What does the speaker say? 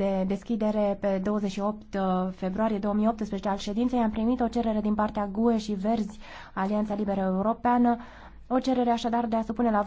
de deschidere pe 28 uh, februarie 2018 al ședinței, am primit o cerere din partea GUE și Verzi, Alianța Liberă Europeană, o cerere așadar de a supune la